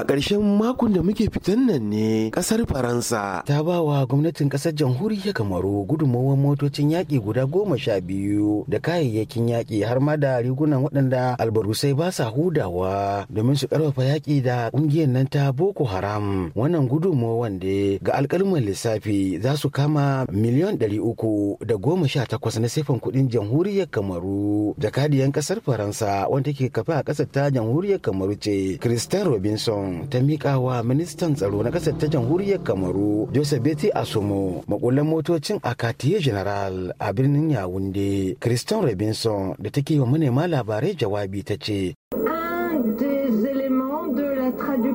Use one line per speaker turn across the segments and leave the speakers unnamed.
a ƙarshen makon da muke fitan nan ne ƙasar faransa ta ba wa gwamnatin ƙasar jamhuriyar kamaru gudunmawar motocin yaƙi guda goma sha biyu da kayayyakin yaƙi har ma da rigunan waɗanda albarusai ba sa hudawa domin su ƙarfafa yaƙi da ƙungiyar nan ta boko haram wannan gudunmawar da ga alƙalman lissafi za su kama miliyan ɗari uku da goma sha takwas na sifan kuɗin jamhuriyar kamaru jakadiyan ƙasar faransa wanda ke kafa a ƙasar ta jamhuriyar kamaru ce christian robinson ta mika wa ministan tsaro na ƙasar ta jamhuriyar kamaru joseph beti asomo makullan motocin akatiye general a birnin yawunde christian robinson da take wa manema labarai jawabi ta ce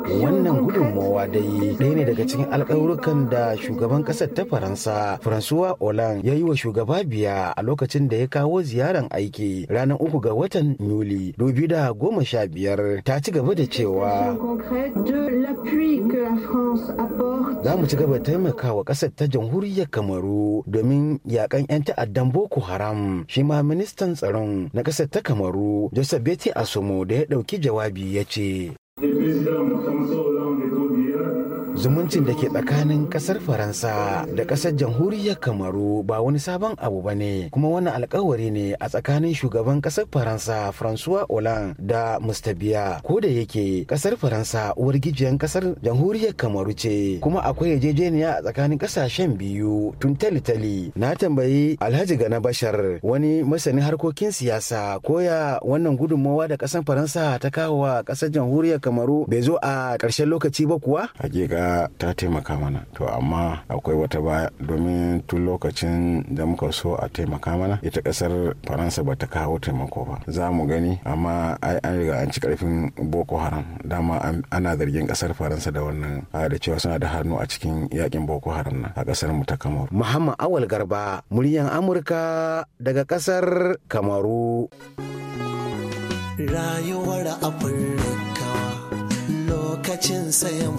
wannan gudunmawa dai ɗaya ne daga cikin alƙawurukan da shugaban ƙasar ta faransa françois hollande ya yi wa shugaba biya a lokacin da ya kawo ziyaran aiki ranar uku ga watan yuli dubi da goma sha biyar ta ci gaba da cewa za mu ci gaba taimakawa ƙasar ta jamhuriyar kamaru domin yaƙan 'yan ta'addan boko haram shi ma ministan tsaron na ƙasar ta kamaru joseph beti asomo da ya ɗauki jawabi ya ce Gracias. estamos zumuncin da ke tsakanin kasar faransa da kasar jamhuriyar kamaru ba wani sabon abu ba ne kuma wannan alkawari ne a tsakanin shugaban kasar faransa francois hollande da mustabiya ko da yake kasar faransa uwar gijiyan kasar jamhuriyar kamaru ce kuma akwai yarjejeniya a tsakanin kasashen biyu tun talitali na tambayi alhaji gana bashar wani masanin harkokin siyasa koya wannan gudunmawa da kasar faransa ta kawo wa kasar jamhuriyar kamaru bai zo a ƙarshen lokaci ba kuwa gaskiya ta taimaka mana to amma akwai wata baya domin tun lokacin da muka so a taimaka mana ita kasar faransa ba ta kawo taimako ba za mu gani amma an riga an ci karfin boko haram dama ana zargin kasar faransa da wannan a da cewa suna da hannu a cikin yakin boko haram na a kasar mu ta kamaru muhammad awal garba muryan amurka daga kasar kamaru
rayuwar afirka lokacin sayan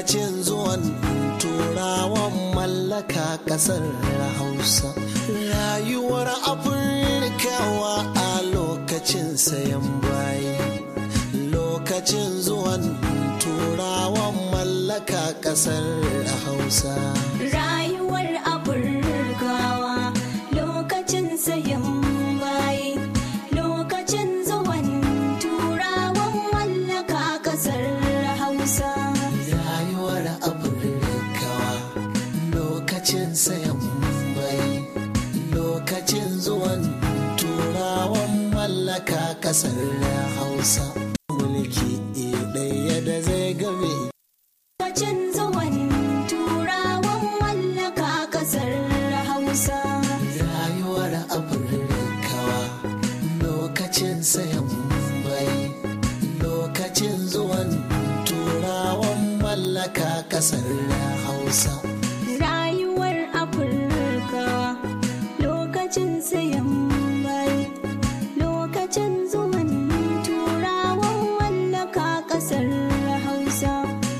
lokacin zuwan turawan mallaka kasar hausa rayuwar afirkawa a lokacin sayan bayi lokacin zuwan turawan mallaka kasar hausa rayuwar afirkawa lokacin sayan bayi lokacin zuwan turawan mallaka kasar hausa kasar hausa mulki ɗaya da zai game bacin zuwan turawan mallaka kasar hausa rayuwar afirkawa lokacin sayan bai lokacin zuwan turawan mallaka na hausa